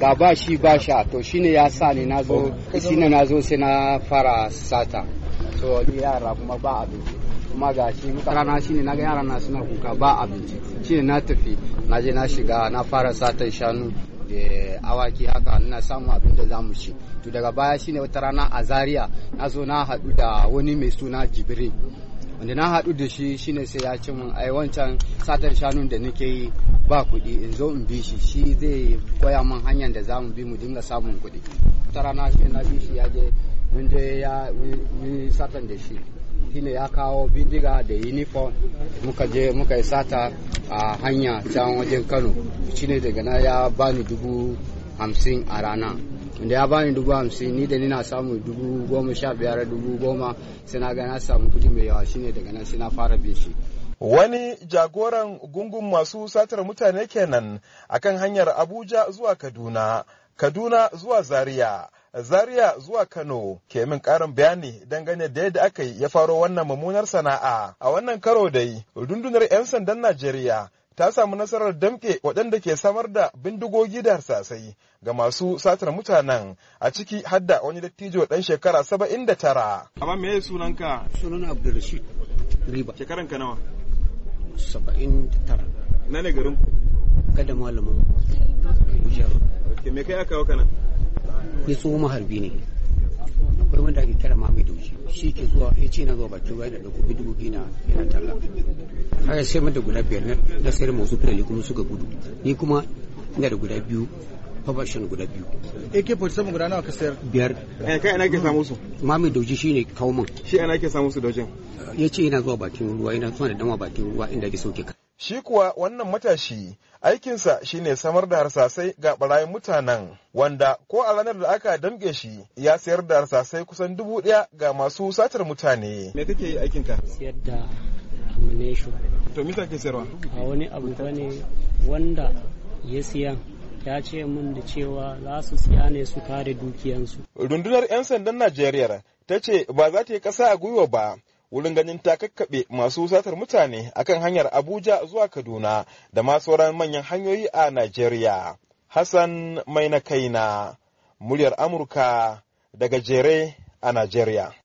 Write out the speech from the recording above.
ga ba shi ba sha to shine ya sa ni nazo shi ne nazo sai na fara sata to ni yara kuma ba abinci kuma ga shi rana shi ne naga yara na suna kuka ba abinci shi ne na tafi na je na shiga na fara sata shanu da eh, awaki haka ina samu abin da zamu ci to daga baya shine wata rana a zaria na zo na hadu da wani mai suna jibril wanda na haɗu da shi shine sai ya ci min ai wancan satar shanun da nake yi ba kuɗi in zo in bi shi shi zai koya min hanyar da zamu bi mu dinga samun kuɗi ta rana shi na bi shi ya je mun je ya yi satan da shi shine ya kawo bindiga da uniform muka je muka yi sata a hanya can wajen kano shine daga na ya bani dubu hamsin a rana wanda ya bani dubu hamsin ni da ni na samu dubu goma sha biyar dubu goma sai na ga na samu kudi mai yawa shine daga nan sai na fara bin shi wani jagoran gungun masu satar mutane kenan akan hanyar abuja zuwa kaduna kaduna zuwa zaria zaria zuwa kano ke min karin bayani dangane da yadda aka yi ya faro wannan mummunar sana'a a wannan karo dai rundunar 'yan sandan najeriya ta samu nasarar damƙe waɗanda ke samar da bindigogi da harsasai ga masu satar mutanen a ciki hadda wani dattijo ɗan shekara saba'in da tara. Amma me sunanka? Sunan Abdulrashid Riba. Shekaran ka nawa? Saba'in da tara. Na ne garin? Gada malamin Bujar. Me kai aka kawo kana? Ni tsohon maharbi ne. akwai wanda ake kira mamaye dauki shi ke zuwa ya ce na zuwa ba ruwa bayan da bi dubu biyu na yana talla haka sai mata guda biyar na sayar masu fulani kuma suka gudu ni kuma ina da guda biyu fabashin guda biyu ak seven guda nawa ka sayar biyar eh, kai ana ke samu su mami dauji ne kawo man shi ana ke samu su daujin ya ce yana zuwa bakin ruwa yana zuwa da dama bakin ruwa inda ake sauke ka Shi kuwa wannan matashi aikinsa shine samar da harsasai ga barayin mutanen wanda ko a ranar da aka damge shi ya sayar da harsasai kusan dubu ɗaya ga masu satar mutane. Me kake yi aikinka? Sayar da ammunition. To mita ke sayarwa? A wani abu ne wanda ya siyan ya ce mun da cewa za su siya ne su kare dukiyansu. Rundunar 'yan sandan Najeriya ta ce ba za ta yi ƙasa a gwiwa ba wurin ganin ta kakkaɓe masu satar mutane akan hanyar Abuja zuwa Kaduna da ma sauran manyan hanyoyi a Najeriya. Hassan Mai na kaina, muryar Amurka daga jere a Najeriya.